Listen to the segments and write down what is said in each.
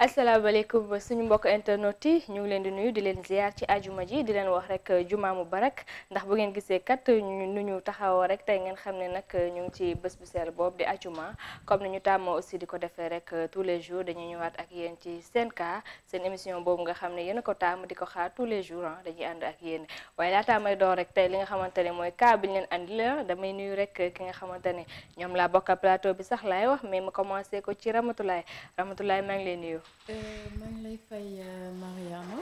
asalaamaaleykum suñu mbokk internet yi ñu ngi leen di nuyu di leen ziar ci ajuma ji di leen wax rek euh, mu mubarak ndax bu ngeen gisee kat nu ñu taxawoo rek tey ngeen xam ne nag euh, ñu ngi ci bés bu sell boobu di ajuma comme ni ñu tàmmoo aussi di ko defee rek euh, tous les jours dañuy ñëwaat ak yéen ci seen cas seen émission boobu nga xam ne yéen a ko tàmm di ko xaar tous les jours ah dañuy ànd ak yéen waaye laataa may door rek tey li nga xamante ne mooy cas bi ñu leen andi la damay nuyu rek ki nga xamante ne ñoom laa bokk plateau bi sax laay wax mais ma commencé ko ci Ramatoulaye Ramatoulaye maa ngi leen Euh, maa ngi lay fay euh, Mariama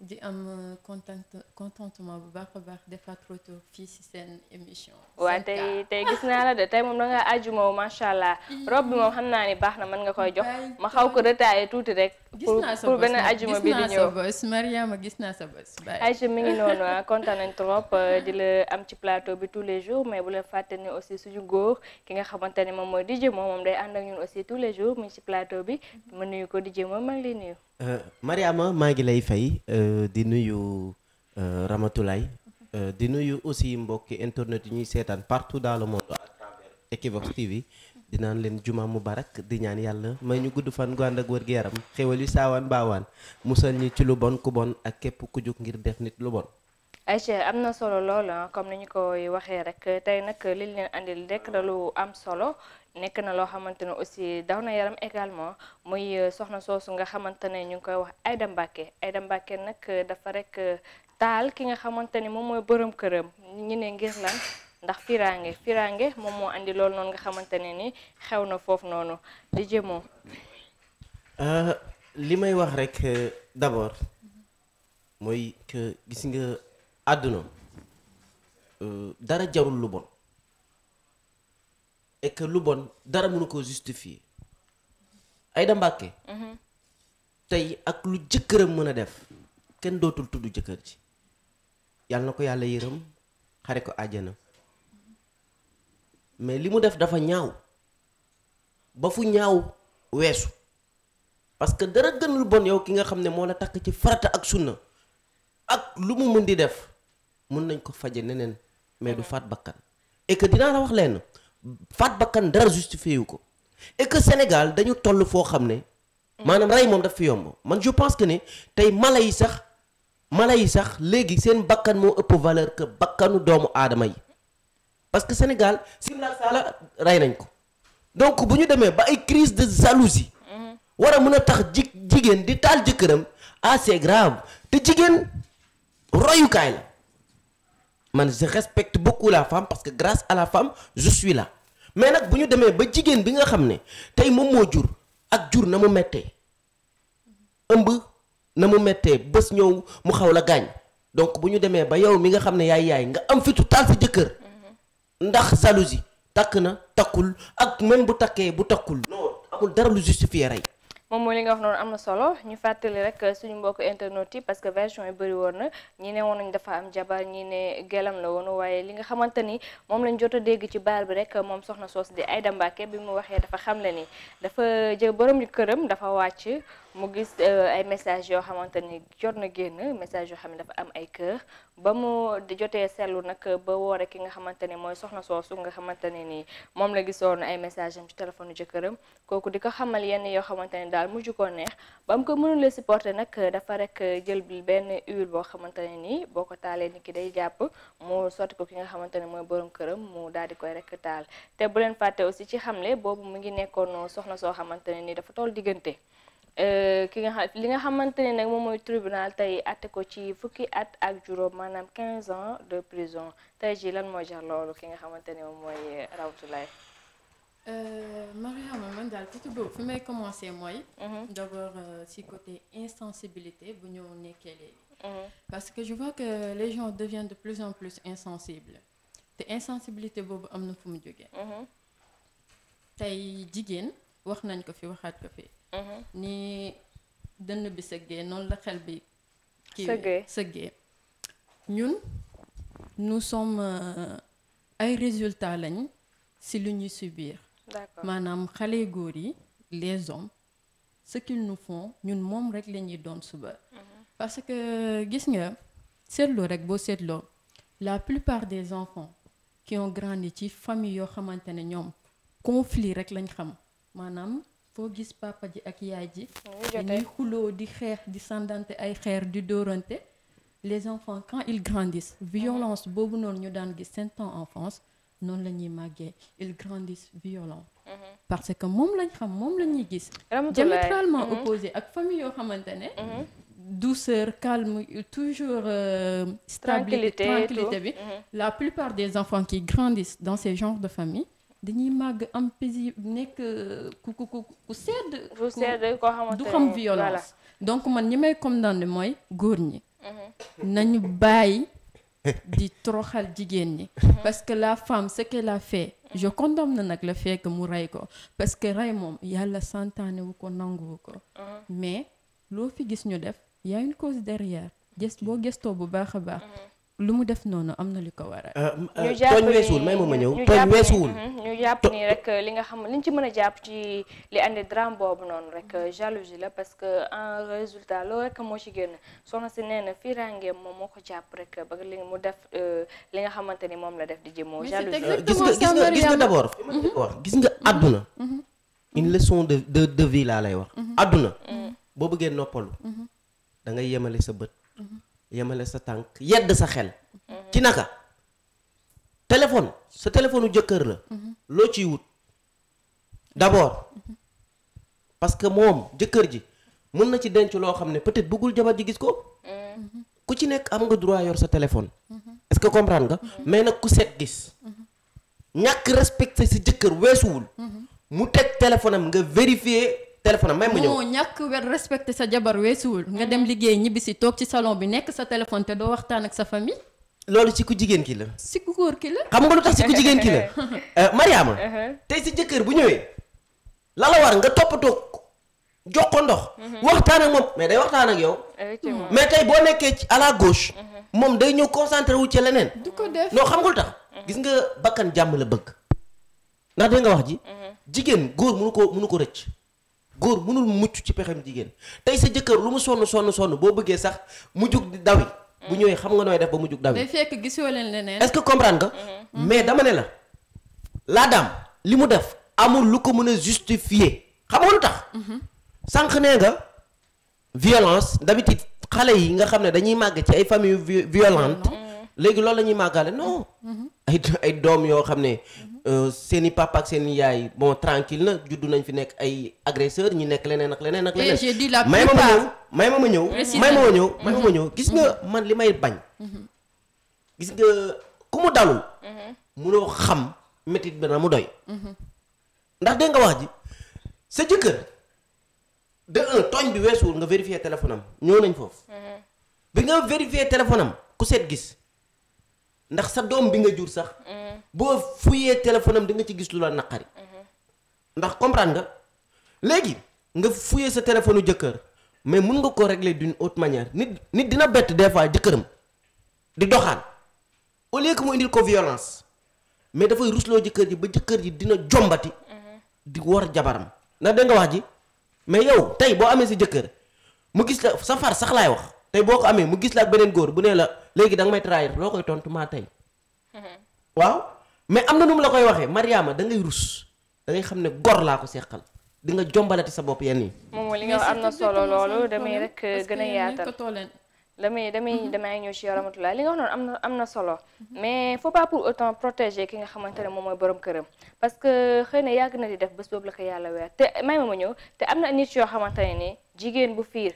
di am euh, content contentement bu baax a baax defaat retour fii si seen émission. waaw tey tey gis naa la de tey moom da nga àjjuma macha allah robe bi moom xam naa ni baax na man nga koy jox ma xaw ko retaaye tuuti rek. gis naa sa pour benn ajuma bi di gis naa sa bës Mariama gis naa sa bës. Aïcha mi ngi noonu ah kontaan nañ trop euh, di la am ci plateau bi tous les jours mais bu la fàtte aussi suñu góor ki nga xamante ne moom mooy DJ moom moom day ànd ak ñun aussi tous les jours mu ngi ci plateau bi ma nuyu ko DJ moom maa ngi lay nuyu. Euh, Mariama maa ngi lay fay euh, di nuyu ramatulaay di nuyu aussi mbokki internet yi ñuy seetaan partout dans le monde à travers Equivox TV. dinaan leen mu mubarak di ñaan yàlla may ñu gudd fan gu ànd ak wërgu yaram xéwal yu saawaan baawaan musal ñi ci lu bon ku bon ak képp ku jóg ngir def nit lu bon. Aïcha am na solo lool ah, comme ni ñu koy waxee rek tey nag li leen andil rek la lu am solo. nekk na loo xamante ne aussi daw na yaram également muy euh, soxna soosu nga xamante ne ñu ngi koy wax ay Aïda ay Aïda Mbacké nag dafa rek euh, taal ki nga xamante ne moom mooy borom këram ñu ne ngir lan ndax firange firange moom moo andi loolu noonu nga xamante ne ni xew na foofu noonu di jëmoo euh, li may wax rek euh, d'abord mooy que gis nga àdduna euh, dara jarul lu bon et lu bon dara mënu ko justifier Aïda Mbacké mhm. tey ak lu jëkkëram mën a def kenn dootul tudd jëkkër ji yàlla na ko yàlla yërëm xare ko àjjana mais li mu def dafa ñaaw ba fu ñaaw weesu parce que dara gënul bon yow ki nga xam ne moo la takk ci farata ak sunna ak lu mu mën di def mën nañ ko faje neneen mais du faat bakkan et que dinaa la wax leen faat bakkan dara justifié wu ko et que Sénégal dañu toll foo xam ne maanaam rey moom daf fi yomb man je pense que ne tey mala yi sax mala yi sax léegi seen bakkan moo ëpp valeur que bakkanu doomu aadama yi parce que Sénégal Sirla Sala rey nañ ko donc bu ñu demee ba ay crise de jalousie war a mën a tax ji jigéen di taal jëkkëram ah c'est grave te jigéen royukaay la man je respecte beaucoup la femme parce que grâce à la femme je suis mais nag bu ñu demee ba jigéen bi nga xam ne tey moom moo jur ak jur na mu mettee ëmb na mu mettee bés ñëw mu xaw la gaañ donc bu ñu demee ba yow mi nga xam ne yaay yaay nga am fitu taal sa jëkkër ndax jalousie takk na takkul ak mën bu takkee bu takkul non amul dara lu justifié rey moom mooy li nga wax noonu am na solo ñu fàttali rek suñu mbokk internet yi parce que version yi bëri woon na ñi ne woon nañ dafa am jabar ñi ne gëlam la woon waaye li nga xamante ni moom lañ jot a dégg ci baal bi rek moom soxna soosu di Aïda Mbacké bi mu waxee dafa xam le ni dafa jël borom ñu këram dafa wàcc mu gis euh, ay message yoo xamante ni jot na génn message yoo xam ne dafa am ay kër ba mu jotee seetlu nag ba woore ki nga xamante ni mooy soxna soosu nga xamante ne ni moom la gisoon ay message am ci téléphone jëkkëram kooku di ko xamal yenn yoo xamante ne daal mu ko neex ba mu ko mënulee supporter nag dafa rek jël benn huile boo xamante ne ni boo ko taalee ni ki day jàpp mu sotti ko ki nga xamante ne mooy borom këram mu daal di koy rek taal te bu leen fàtte aussi ci xamle boobu mu ngi nekkoon soxna soo xamante ne ni dafa toll diggante Euh, ki nga xam li nga xamante ne nag moom mooy tribunal tey àtte ko ci fukki at ak juróom maanaam 15 ans de prison tey jii lan mooy jar loolu ki nga xamante ne moom mooy euh, Rawatulaye. Euh, Mariama man daal tuuti boobu fi may commencer mooy. Mhm. d'abord ci côté insensibilité bu ñu nekkee léegi. Mhm. parce que je vois que les gens de plus en plus insensibles te insensibilité boobu am na fu mu jógee. Mhm. tey jigéen wax nañ ko fi waxaat ko fi. Mm-hmm. nii dënn bi sëggee noonu la xel bi kii sëggee ñun nu sommes euh, ay résultats lañ si lu ñuy subir maanaam xale góor yi les hommes ce qu'ils nous font ñun moom rek la ñuy doon suba mm-hmm. parce que gis nga seetloo rek boo seetloo la plupart des enfants qui ont grandi ci famille yoo xamante ne ñoom conflit rek lañ xam maanaam foo gis papa ji ak yaay ji dañuy xuloo di xeex di sandante ay xeer di dóorante les enfants quand ils grandissent violence mm-hmm. boobu noonu ñu daan gis seen temps enfance noonu la ñuy màggee ils grandissent violents mm-hmm. parce que moom lañ xam moom la ñuy gis diamétralement mm-hmm. opposé ak famille yoo xamante ne douceur calme toujours euh, stabilité tranquillité bi la plupart des enfants qui grandissent dans ces genres de famille dañuy màgg am paisir nekk ku euh, ku ku ku ku sedd du xam violence. donc man ñi may condamné mooy góor ñi. Mhm. nañu bàyyi di troxal jigéen ñi. Mhm. parce que la femme ce la a fait. Mhm. je condamne nag la fekk mu rey ko parce que rey moom yàlla santaane wu ko nanguwu ko. mais loo fi gis ñu def yaa a une cause derrière. boo gëstoo bu baax a baax. lu mu def noonu am na li ko war a euh, euh, jàpp tooñ weesuwul may ma ma ñëw tooñ weesuwul. Mhm, ñu jàpp ni rek euh, li nga xam li ñu ci mën a jàpp ci li andi drame boobu noonu rek jalousie la parce que en résultat loolu rek moo ci génn soxna si nee na fii moom moo ko jàpp rek ba li mu def li nga xamante ni moom la def di jëmoo. jalousie gis nga gis nga gis nga mhm. d'abord. gis nga àdduna. Mhm. une leçon de de de vie lay wax. àdduna. boo bëggee noppalu. da ngay yemale sa bët. yemale sa tànk yedd sa xel. ci naka téléphone sa téléphone jëkkër la. loo ciy wut d'abord parce que moom jëkkër ji mën na ci denc loo xam ne peut-être bëggul jabar ji gis ko. ku ci nekk am nga droit yor sa téléphone. est-ce nga. mais nag ku set gis. ñàkk respecté sa jëkkër weesuwul. mu teg téléphone nga vérifier. téléphone am may ma ñëw. non ñàkk wer respecté sa jabar weesuwul nga dem liggéey ñibbi si toog ci salon bi nekk sa téléphone te doo waxtaan ak sa famille. loolu ci ku jigéen ki la. si ku góor ki la. xam nga lu tax si jigéen ki la. Eh, Mariama. Uh-huh. tey si jëkkër bu ñëwee. la nga toppatoo jox ko ndox. Uh-huh. waxtaan ak moom mais day waxtaan ak yow. mais tey boo nekkee ci à la uh-huh. moom day ñëw concentré wu ci leneen. du ko def xam nga lu gis nga bakkan jàmm la bëgg. ndax dégg nga wax ji. jigéen góor mënu ko nu ko rëcc. góor mënul mucc ci pexem jigéen tey sa jëkkër lu mu sonn sonn sonn boo bëggee sax mu jug di dawi bu ñëwee xam nga nooy def ba mu jug dawi day fekk gisoo leen leneen est-ce que comprendre nga mm-hmm. mais dama ne la la dame li mu def amul lu ko mën a justifier xam nga lu tax mm-hmm. sànq nee nga violence d'habitude xale yi nga xam ne dañuy màgg ci ay famille violente mm-hmm. léegi lool la ñuy màggale non mm-hmm. ay doom yoo xam ne mm-hmm. euh, seen i papa ak seen i yaay bon tranquille na juddu nañ fi nekk ay agresseur ñu nekk leneen ak leneen ak leneen may ma ma ñëw may ma ma ñëw may ma ma ñëw may ma ma ñëw gis nga mm-hmm. man li may bañ gis nga ku mu dalul munoo xam métit bi na mu doy ndax dégg nga wax ji sa jëkkër de tooñ bi weesuwul nga vérifier téléphone am ñëw nañ foofu bi nga vérifier téléphone ku set gis ndax sa doom bi nga jur sax. boo fuyee téléphone am di nga ci gis lu la naqari. ndax comprendre nga léegi nga fuyee sa téléphone jëkkër mais mun nga ko régler d'une autre manière nit nit dina bett des fois jëkkëram di doxaan au lieu que mu indil ko violence mais dafay rusloo jëkkër ji ba jëkkër ji dina jombati. di war jabaram ndax dégg nga wax ji mais yow tey boo amee sa jëkkër mu gis la sa far sax laay wax. tey boo ko amee mu gis laa ak beneen góor bu nee la léegi da nga may trahir loo koy tontu maa tey. Mm-hmm. waaw mais am na nu mu la koy waxee Mariama da ngay rus da ngay xam ne góor laa ko seqal. di nga jombalati sa bopp yenn yi. moom li nga am na solo loolu damay rek uh, gën a yaatal damay damay mm-hmm. damay ñëw ci yaramatulaa li nga wax am na am na solo. Mm-hmm. mais faut pas pour protéger ki nga xamante ne moom mooy borom këram. parce que xëy na yàgg na di def bés boobu la ko yàlla weer te may ma ma ñëw te am na nit yoo xamante ne ni jigéen bu fiir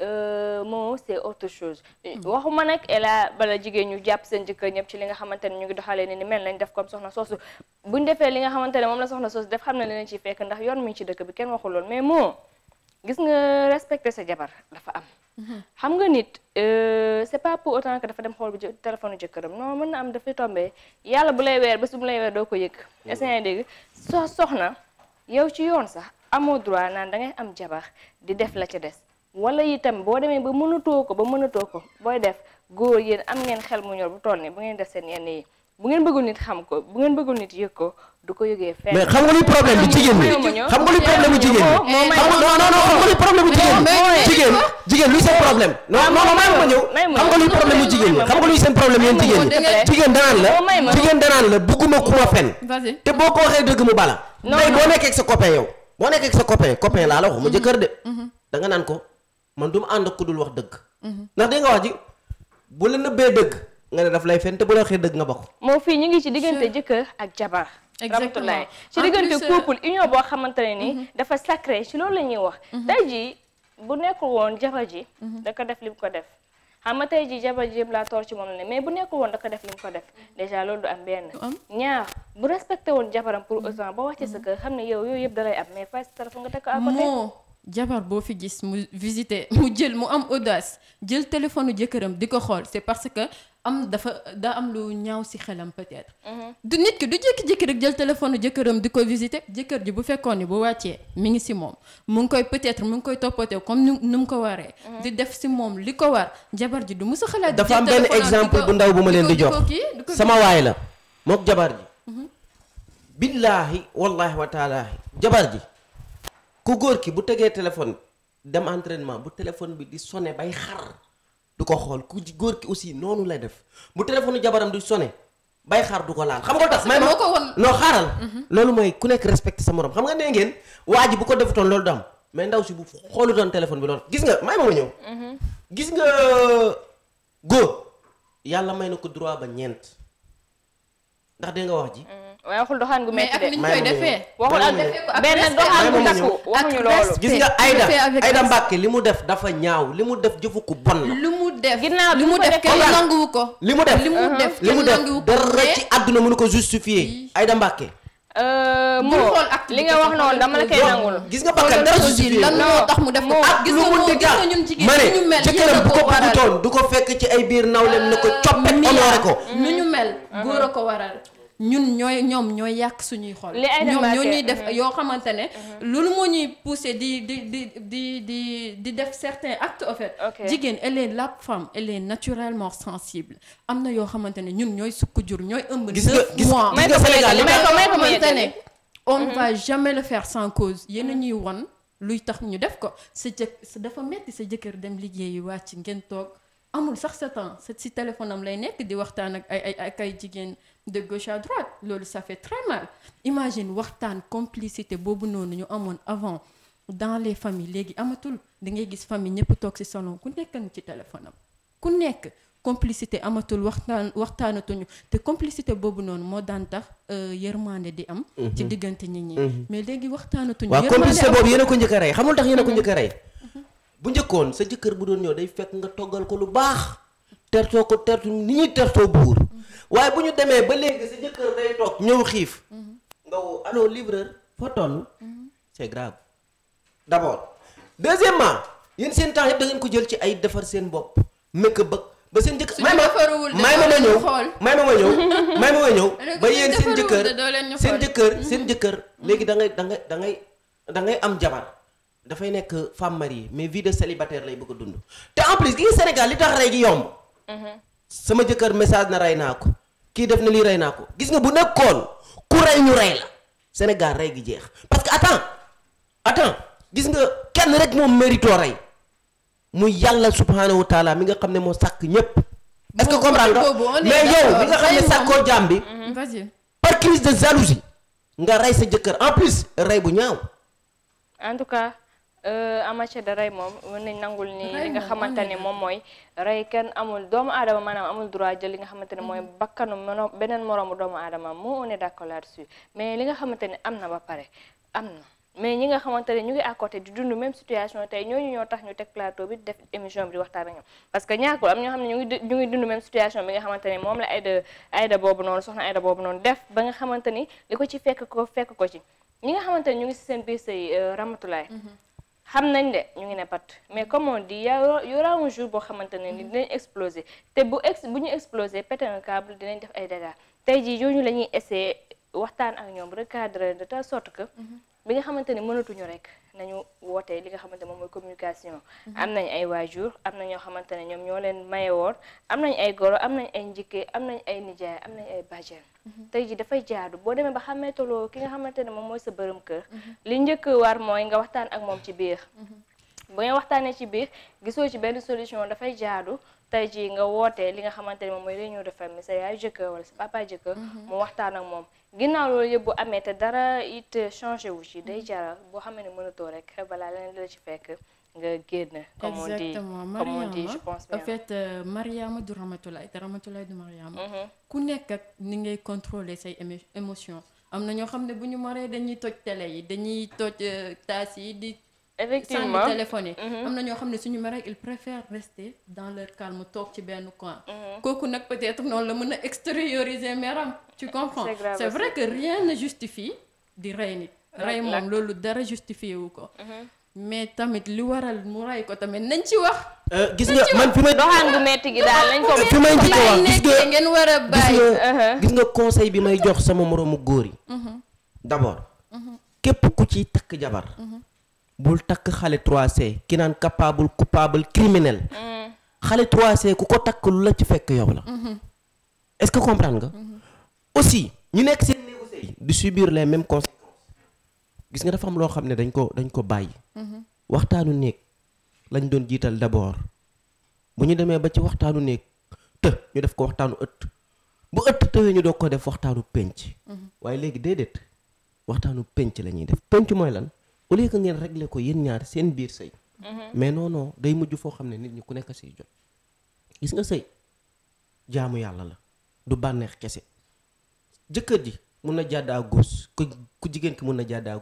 Euh, moom c'est autre chose. Mm. waxuma nag ela bala jigéen ñu jàpp seen jëkkër ñëpp ci li nga xamante ne ñu ngi doxalee ni ni mel nañ def comme soxna soosu buñ defee li nga xamante ne moom la soxna soosu def xam na leen ci fekk ndax yoon mi ngi ci dëkk bi kenn moo gis nga respecter sa jabar dafa am. Mm-hmm. xam nga nit euh, c'est pas pour autant que dafa dem xool bi téléphone jëkkëram non mën na am dafay tombé yàlla bu lay weer bés bu mu lay weer doo ko yëg. Mm-hmm. est-ce que dégg soo soxna yow ci yoon sax amoo droit naan da ngay am jabar di def la ca des. wala itam boo demee ba mënatoo ko ba mënatoo ko booy def góor yéen am ngeen xel mu ñor bu toll nii bu ngeen def seen yenn yi bu ngeen bëggul nit xam ko bu ngeen bëggul nit yëg ko du ko yëgee fenn. xam nga luy problème bi jigéen ñi xam nga luy problème bi jigéen ñi. luy jigéen jigéen jigéen luy seen problème. non may ma ñëw xam nga luy problème bi jigéen ñi xam nga luy seen problème yéen jigéen ñi. jigéen danaan la jigéen danaan la bugguma ku ma fen. te boo ko waxee dëgg mu bala. non non boo nekkee ak sa copain yow boo nekkee sa copain copain laa ma mm-hmm. jëkkër de mm-hmm. da nga naan ko man du ma ànd ak ku dul wax dëgg. Mhm. ndax dégg nga wax ji bu la nëbbee dëgg nga ne daf lay fen te bu la waxee dëgg nga bokk. moo fii ñu ngi ci diggante jëkkër ak jabar. exactement ci diggante couple union boo xamante ne ni. Mhm. dafa sacré ci loolu la ñuy wax. Mhm. tey ji bu nekkul woon jabar ji. da def li mu ko def. xam nga tey jii jabar ji laa tool ci moom la ne mais bu nekkul woon da def li ko def déjà loolu du am benn. ñaar bu respecté woon jabaram pour autant ba wax ci sa kër xam ne yëpp da lay nga teg ko à jabar boo fi gis mu visité mu jël mu am audace jël téléphone jëkkëram di ko xool c'est parce que am dafa da am lu ñaaw si xelam peut-être. Mhm. du nit ki du jékki-jékki rek jël téléphone jëkkëram di ko visité jëkkër ji bu fekkoon ni bu wàccee mi ngi si moom mu ngi koy peut mu ngi koy toppatee kon ni nu mu ko waree. Mhm. di def si moom li ko war jabar ji du mu sa xalaat. dafa am benn exemple bu ndaw bu ma leen di jox sama waay la mook jabar ji. Mhm. billaahi ku góor ki bu tegee téléphone dem entraînement bu téléphone bi di sonné bay xar du ko xool ku góor ki aussi noonu lay def bu téléphone jabaram di sonné bay xaar du ko laal xam nga tax may ma ko woon non xaaral mhm. loolu ku nekk respecté sa morom xam nga nee ngeen waa ji bu ko defutoon loolu dam mais ndaw si bu xoolutoon téléphone bi loolu gis nga may ma ma ñëw mhm. gis nga góor yàlla may na ko droit ba ñeent ndax dégg nga wax ji mm. waaye waxul doxaan gu métti de mais ak ni ñu koy defee. waxul ak benn doxaan gu takku waxuñu li mu def dafa ñaaw li mu def jëfu ku bon li mu def ginnaaw li mu def kenn nanguwu ko. li mu def li mu def kenn nanguwu ko dara ci àdduna mënu ko justifier Aïda Mbacke. Euh, euh, li nga wax noonu dama la koy gis nga bakkan dara justifié lan moo tax mu def ko ak lu mu dëgg ñun jigéen ma ne bu ko bëggutoon du ko fekk ci ay biir nawleem ne ko euh, coppet honoré ko. nu ñu mel mm-hmm. góor a ko waral. ñun ñooy ñoom ñooy yàq suñuy xol. ñoom ñoo ñuy def mhm. yoo xamante ne. Mhm. loolu moo ñuy poussé di di di di di di def certains actes en fait. jigéen elle est la femme elle est naturellement sensible am na yoo xamante ne ñun ñooy sukk jur ñooy ëmb. gis nga gis nga Sénégal li xamante ne on mhm. va jamais le faire sans cause yéen a ñuy wan luy tax ñu def ko sa jëkk sa dafa metti sa jëkkër dem liggéeyi wàcc ngeen toog amul sax sa temps sa si téléphone am lay nekk di waxtaan ak ay ay ak ay jigéen. de gauche à loolu ça fait très mal imagine waxtaan complicité boobu noonu ñu amoon avant dans les familles léegi amatul da ngay gis famille ñëpp toog ci salon ku nekk ci téléphone am ku nekk complicité amatul waxtaan waxtaanatuñu te complicité boobu noonu moo daan tax euh, yërmande di am. Mhm. ci diggante nit ñi. Mhm. mais léegi waxtaanatuñu. yërmande waaw complicité boobu yéen a ko njëkk a rey xamul tax yéen a ko mhm. njëkk a rey. bu njëkkoon sa jëkkër bu doon ñëw day fekk nga toggal ko lu baax. tertoo ko tertu ni ñuy tertoo buur waaye bu ñu demee ba léegi sa jëkkër day toog ñëw xiif nga woo allo livreur foo toll c'est grave d'abord deuxièmement yéen seen temps yëpp da ngeen ko jël ay defar seen bopp make ba ba seen jëkkër may ma may ma ma ñëw may ma ma ñëw may ma ma ñëw ba yéen seen jëkkër seen jëkkër mm-hmm. seen jëkkër léegi da ngay da da ngay da am jabar dafay nekk femme mariée mais vie de célibataire lay bëgg dund te en plus gi Sénégal li tax rey gi yomb Mhm. sama jëkkër message na rey naa ko kii def na lii rey naa ko gis nga bu nekkoon ku rey ñu rey la Sénégal rey gi jeex parce que attends attends gis nga kenn rek moom mérito rey muy yàlla subhaanahu wa taala mi nga xam ne moo sàkk ñépp est-ce que comprendre nga mais yow mi nga xam ne sàkkoo jaam bi mhm. par crise de jalousie nga rey sa jëkkër en plus rey bu ñaaw en euh, matière de rey moom mën nañ nangul nii li nga xamante ne moom mooy rey kenn amul doomu aadama maanaam amul droit jël li nga xamante ne mooy mm-hmm. bakkanu mono beneen moroomu doomu aadama moo on est mais li nga xamante ne am na ba pare am na mais ñi nga xamante ne ñu ngi à côté di situation tey ñooñu ñoo tax ñu teg plateau émission bi waxtaan ak parce que ñaakul am ñoo xam ñu ngi ñu ngi ne moom la Aïda boobu noonu soxna Aïda boobu noonu def ba nga xamante ni li ko ci fekk ko fekk ko ci ñi nga xamante ne ñu ngi si seen biir sëy euh, Ramatulaay mm-hmm. xam nañ de ñu ngi ne pat mais comme di dit y aura jour boo xamante ne ni dinañ explosé te bu ex bu ñu exploser péter dinañ def ay dégâts tey jii yooyu la ñuy essayer waxtaan ak ñoom recadrer de telle sorte que. Mhm. bi nga xamante ne mënatuñu rek nañu wootee li nga xamante moom mooy communication mhm. am nañ ay waajur am na ñoo xamante ne ñoom ñoo leen maye woon am nañ ay goro am nañ ay njëkkee am nañ ay nijaay am nañ ay bàjjen mhm. tey ji dafay jaadu boo demee ba xàmmeetaloo ki nga xamante ne moom mooy sa bërëm kër mhm. li njëkk war mooy nga waxtaan ak moom ci biir bu nga waxtaanee ci biir gisoo ci benn solution dafay jaadu tey jii nga wootee li nga xamante ne moom mooy réunion de famille sa yaay jëkkër wala sa papa jëkkër mu waxtaan ak moom ginnaaw loolu yëpp bu te dara it changé wu ci day jaral boo xam ne mënatoo rek balaa leneen la ci fekk nga génn. comme on dit comme on dit je pense euh, du Ramatulaay du Mariama. Mm-hmm. ku nekk ak ni ngay contrôler sa émotion am na ñoo xam ne bu ñu maree dañuy toj télé yi dañuy toj euh, taas yi di. effectivement sànni téléphoné. Mhm. am na ñoo xam ne suñu mer ak ils préfèrent rester dans leur calme toog ci benn coin. Mhm. kooku nag peut-être noonu la mën a extérioriser meram. tu comprends c'est vrai que rien ne justifie di rey nit. rey moom loolu dara justifié wu ko. Mhm. mais tamit li waral mu rey ko tamit nañ ci wax. Euh, gis nga man fi may. doxaan bu metti gi daal lañ ko. fi may njëkk gis nga war uh-huh. gis nga conseil bi may jox sama moroomu góor yi. d'abord. képp ku ci takk jabar. bul takk xale 3C ki naan capable coupable criminel. xale 3 ku ko takk lu la ci fekk yow la. est-ce que comprendre nga. aussi ñu nekk seen négocié di subir les mêmes conséquences. gis nga dafa am loo xam ne dañ ko dañ ko bàyyi. waxtaanu néeg lañ doon jiital d'abord bu ñu demee ba ci waxtaanu néeg të ñu def ko waxtaanu ëtt bu ëtt tëwee ñu doog ko def waxtaanu penc. waaye léegi déedéet waxtaanu penc la ñuy def penc mooy lan. au lieu que ngeen régler ko yéen ñaar seen biir sëy mhm. mais non non day mujj foo xam ne nit ñi ku nekk siy jot gis nga sëy jaamu yàlla la du bànneex kese jëkkër ji mun na jàdd à ku ku jigéen ki mun na jàdd à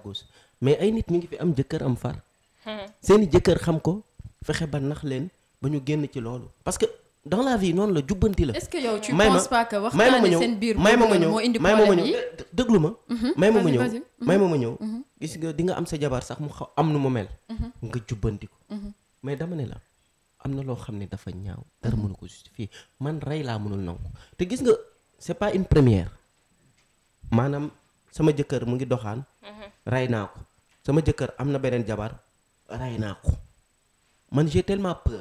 mais ay nit ñu ngi fi am jëkkër am far mhm. seeni jëkkër xam ko fexe ba nax leen ba ñu génn ci loolu parce dans la vie noonu la jubbanti la. est-ce que yow tu penses pas que may ma ma ñëw may ma ma ma. may ma ma ñëw may ma ma ñëw. gis nga di nga am sa jabar sax mu xaw am nu mu mel. Mhm. nga jubbanti ko. Mhm. mais dama ne la am na loo xam ne dafa ñaaw dara mhm. mënu ko justifier man rey laa mënul nangu te gis nga pas une première maanaam sama jëkkër mu ngi doxaan. rey naa ko sama jëkkër am na beneen jabar rey naa ko man j'ai tellement peur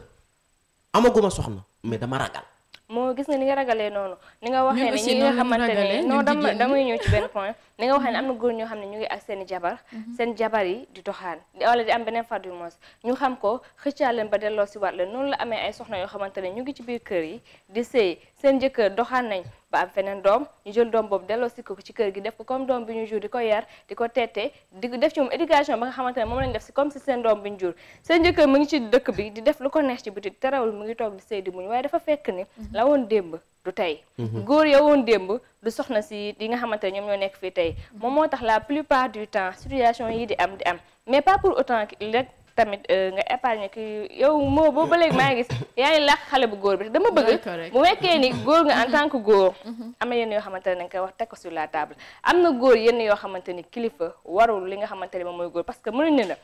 amaguma soxna. mais dama ragal. moo gis nga ni nga ragalee noonu. ni nga waxee ne ñi nga xamante ne non dama damay ñëw ci benn point. ni nga waxee ne am na góor ñoo xam ne ñu ngi ak seen i jabar. Mhm. seen jabar yi di doxaan wala di am beneen far du mos ñu xam ko xëccaat leen ba delloo si waat leen noonu la amee ay soxna yoo xamante ne ñu ngi ci biir kër yi di sëy seen jëkkër doxaan nañ ba am feneen doom ñu jël doom boobu delloosi ko ci kër gi def ko comme doom bi ñu jur di ko yar di ko teete di def ci moom éducation ba nga xamante ne moom lañ def ci dëkk bi di def lu ko neex ci biti terewul mu ngi toog di sëy di muñ waaye dafa fekk ni mhm. la woon démb du tey mhm. góor ya woon démb du soxna si yi nga xamante ñoom ñoo nekk fii tey mhm. moom moo tax la plupart du temps situation yi di am di am mais pas pour autant rek tamit euh, nga épargner ki yow moo boobu ba léegi maa ngi gis yaa ngi xale bu góor bi dama bëgg mu wekkee ni góor nga en mm-hmm. tant que góor mm-hmm. am na yenn yoo xamante ne dañ koy wax teg ko sur la table am na góor yenn yoo xamante ni kilifa warul li nga xamante ne moom mooy góor parce que mënuñ ne la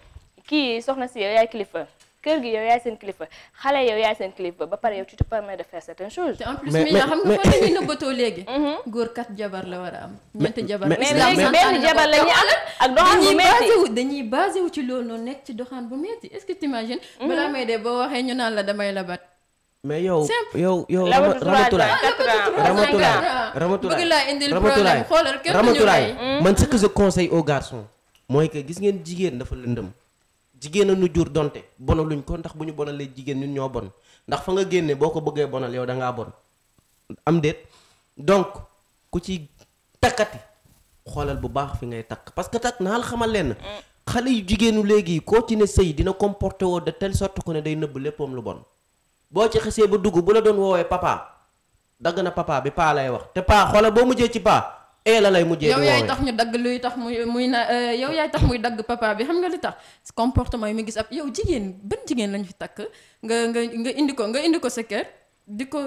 kii soxna si yow yaay kilifa kër gi yow yaay seen kilifa xale yow yaay seen kilifa ba pare yow tu te permets de faire certaines choses. mais en plus mais xam nga fa dañuy nëbbatoo léegi. Mm-hmm. góor kat jabar la war a am. ñetti jabar mais léegi benn jabar la ñuy am ak doxaan bu métti dañuy basé wu ci loolu noonu nekk ci doxaan bu métti est-ce que t'imagines. Mm-hmm. balaa may dee boo waxee ñu naan la damay labat. mais yow yow yow Ramatulaay Ramatulaay Ramatulaay bëgg laa indil problème xoolal kenn duñu lay mm-hmm. man ce que je conseille aux garçons mooy que gis ngeen jigéen dafa lëndëm jigéen a nu jur donte bonaluñ ko ndax bu ñu bonalee jigéen ñun ñoo bon ndax fa nga génne boo ko bëggee bonal yow da ngaa bon am déet donc ku ci takkati xoolal bu baax fi ngay takk parce que takk naal xamal leen xale yu jigéenu léegi koo ci ne sëy dina comporté woo de telle sorte que ne day nëbb léppam lu bon boo ci xesee ba dugg bu la doon woowee papa dagg na papa bi paa lay wax te paa xoolal boo mujjee ci paa ee eh, la yow yaay tax ñu dagg luy tax muy muy na eh, yow yaay tax muy dagg papa bi xam nga li tax comportement yi mu gis ab yow jigéen ban jigéen lañ fi takk nga nga nga indi ko nga indi ko sa kër di ko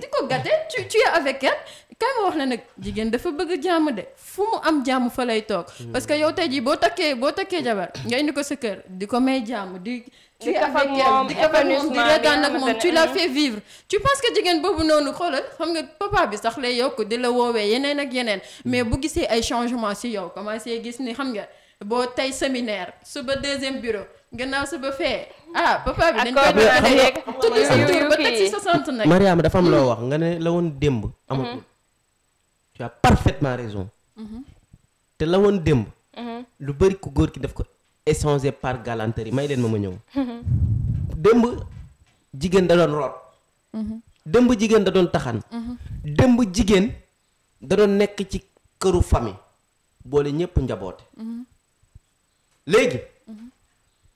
di ko gàtte tu tu es avec kay ma wax la nag jigéen dafa bëgg jàmm de fu mu am jàmm fa lay toog hmm. parce que yow tey jii boo takkee boo takkee jabar nga indi ko sa kër di ko may jàmm di tu es avec elle di kafa moom di reetaan ak moom tu l'as fait vivre tu penses que jigéen boobu noonu xoolal xam nga papa bi sax lay yokk di la woowee yeneen ak yeneen mais bu gisee ay changement si yow commencé gis ni xam nga boo tey séminaire suba deuxième bureau gannaaw suba fee ah papa bi dañ koy doon rek tudd sa tur ba teg si 60 nag Mariama dafa am loo hmm. wax nga ne la woon démb amatul hmm. tu as parfaitement raison hmm. te la woon démb lu bëri ko góor gi daf ko échangé par galanterie may leen ma ma ñëw. démb jigéen da doon root. dëmb jigéen da doon taxan. démb jigéen da doon nekk ci këru famille boole ñëpp njaboote. léegi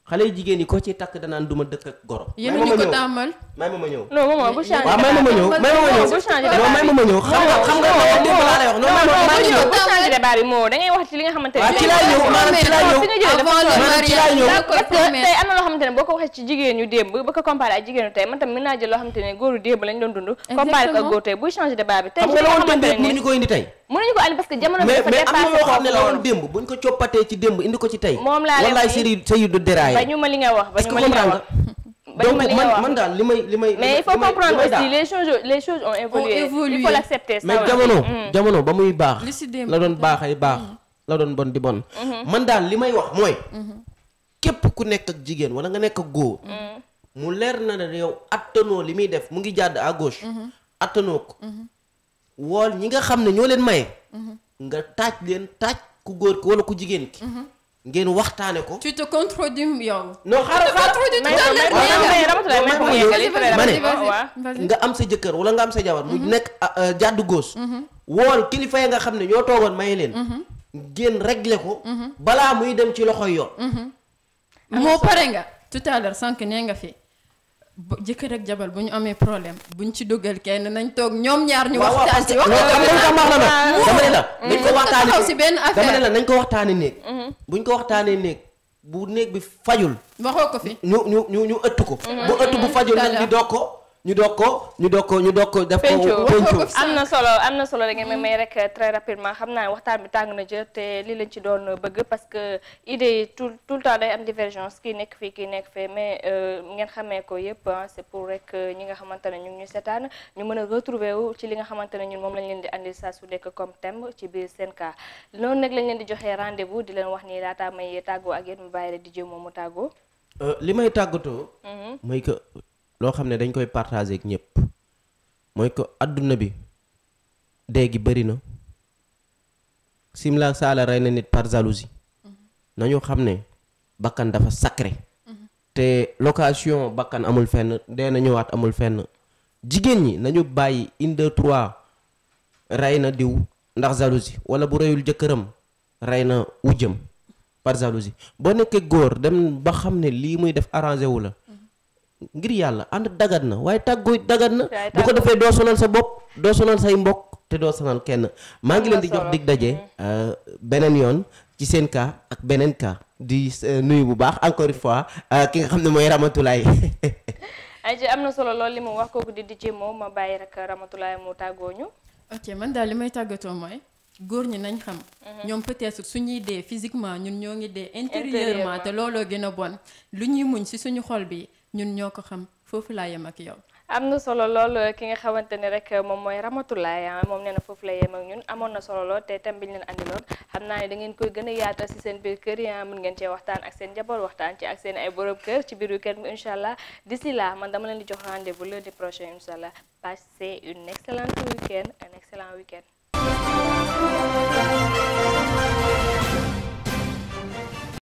xale yu jigéen yi ko ci takk danaan duma dëkk ak goro. yéen ñu ko tàmmal may ma ma ñëw. non moom bu changé waaw may ma ma ñëw may ma ma ñëw. non may ma ma ñëw xam nga xam nga moom démb laa lay wax. non non bu ñëw bu changé débat bi moo da ngay wax ci li nga xamante ne. waaw ci laay ñëw maanaam ci laay ñëw maanaam ci laay ñëw. parce que tey am na loo xamante ne boo ko waxee ci jigéen ñu démb boo ko comparé ak jigéenu tey man tam mën naa jël loo xamante ne góoru démb lañ doon dund. comparé ko ak góor tey buy changé débat bi. tey ci li nga xamante ne mënuñu ko indi tey. mënuñu ko andi parce que jamono bi dafa dépassé mais am na yoo xam ne la woon démb buñ ko coppatee ci démb indi ko ci tey. moom laa lay wallaay sëy du déraillé. ba ñu ma li nga wax ba ñu ma li nga wax donc man man daal li may li may. mais il faut comprendre aussi les choses les choses ont évolué. il faut l'accepter ça mais jamono. Mm. jamono ba muy baax. la doon baax baax. Mm. la doon bon di bon. Mm-hmm. man daal li may wax mooy. Mm-hmm. képp ku nekk ak jigéen wala nga nekk ak góor. Mm. mu leer na ne yow attanoo li muy def mu ngi jàdd à gauche. Mm-hmm. attanoo ko. wool ñi nga xam ne ñoo leen maye. nga taaj leen taaj ku góor ki wala ku jigéen ki. ngeen waxtaane ko. tu te contredis yow. non xaaral ma nga am sa jëkkër wala nga am sa jabar mu mhm. nekk euh, jàddu góos. Mhm. wool kilifa yi nga xam ne ñoo toogoon may leen. Mhm. ngeen régler ko. balaa muy dem ci loxo yoon. moo pare nga. tout à nee nga fi. jëkkër ak jabar bu ñu amee problème bu ñu ci duggal kenn nañ toog ñoom ñaar ñu. waxtaan ci waxtaan nañ ko waxtaanee ci benn affaire dama ne la nañ ko waxtaanee néeg. Mhm. buñ ko waxtaanee néeg bu néeg bi fajul. waxoo ko fi ñu ñu ñu ñu ëtt ko. Mhm. bu ëtt bu fajul nañ di doog ko. ñu doog ko ñu doog ko ñu doog ko def ko penco am na solo am na solo da may may rek très rapidement xam naa waxtaan bi tàng na jër te li lañ ci doon bëgg parce que idée yi tout tout le temps day am divergence kii nekk fii kii nekk fee mais euh, ngeen xamee ko yëpp c'est pour rek euh, ñi nga xamante ne ñu ngi ñu seetaan ñu mën a retrouver wu ci li nga xamante ne ñun moom lañ leen di andi saa su nekk comme thème ci biir seen cas noonu nag lañ leen di joxee rendez-vous di leen wax ni laataa may tàggoo ak yéen mu bàyyi rek di jëm moom mu tàggoo euh, li may tàggatoo mm-hmm. loo xam ne dañ koy partager ak ñëpp mooy ko àdduna bi dee gi bëri na simla saala rey na nit par jalousie mm-hmm. nañu xam ne bakkan dafa sacré mm-hmm. te location bakkan amul fenn dee na ñëwaat amul fenn jigéen ñi nañu bàyyi une trois rey na diw ndax jalousie wala bu reyul jëkkëram rey na wujjam par jalousie boo nekkee góor dem ba xam ne lii muy def arrangé wu la ngir yàlla ànd dagat na waaye tàggoo dagat na bu ko defee doo sonal sa bopp doo sonal say mbokk te doo sonal kenn maa ngi leen di jox dig daje mm-hmm. euh, beneen yoon ci seen ka ak beneen ka di euh, nuyu bu baax encore une fois euh, ki nga xam ne mooy ramatulaay ayca am na solo loolu li mu wax kooku di DJ Mo ma bàyyi rek Ramatoulaye mu tàggoo ñu ok man daal li may tàggatoo mooy góor ñi nañ xam mm-hmm. ñoom peut-être suñuy dee physiquement ñun ñoo ngi dee intérieurement te looloo gën a bon lu ñuy muñ ci suñu xol bi ñun ñoo ko xam foofu laa yem ak yow. am na solo lool eh, ki nga xamante ne rek eh, moom mooy Ramatoulaye ah, moom nee na foofu la yem ak ñun amoon na solo lool te thème bi ñu leen xam naa ne da ngeen koy gën a yaatal si seen biir kër yi ah, mën ngeen cee waxtaan ak seen njaboot waxtaan ci ak seen ay borom kër ci biir week-end bi incha allah d'ici là man dama leen di jox rendez-vous lundi prochain incha allah passez une excellente week-end un excellent week-end.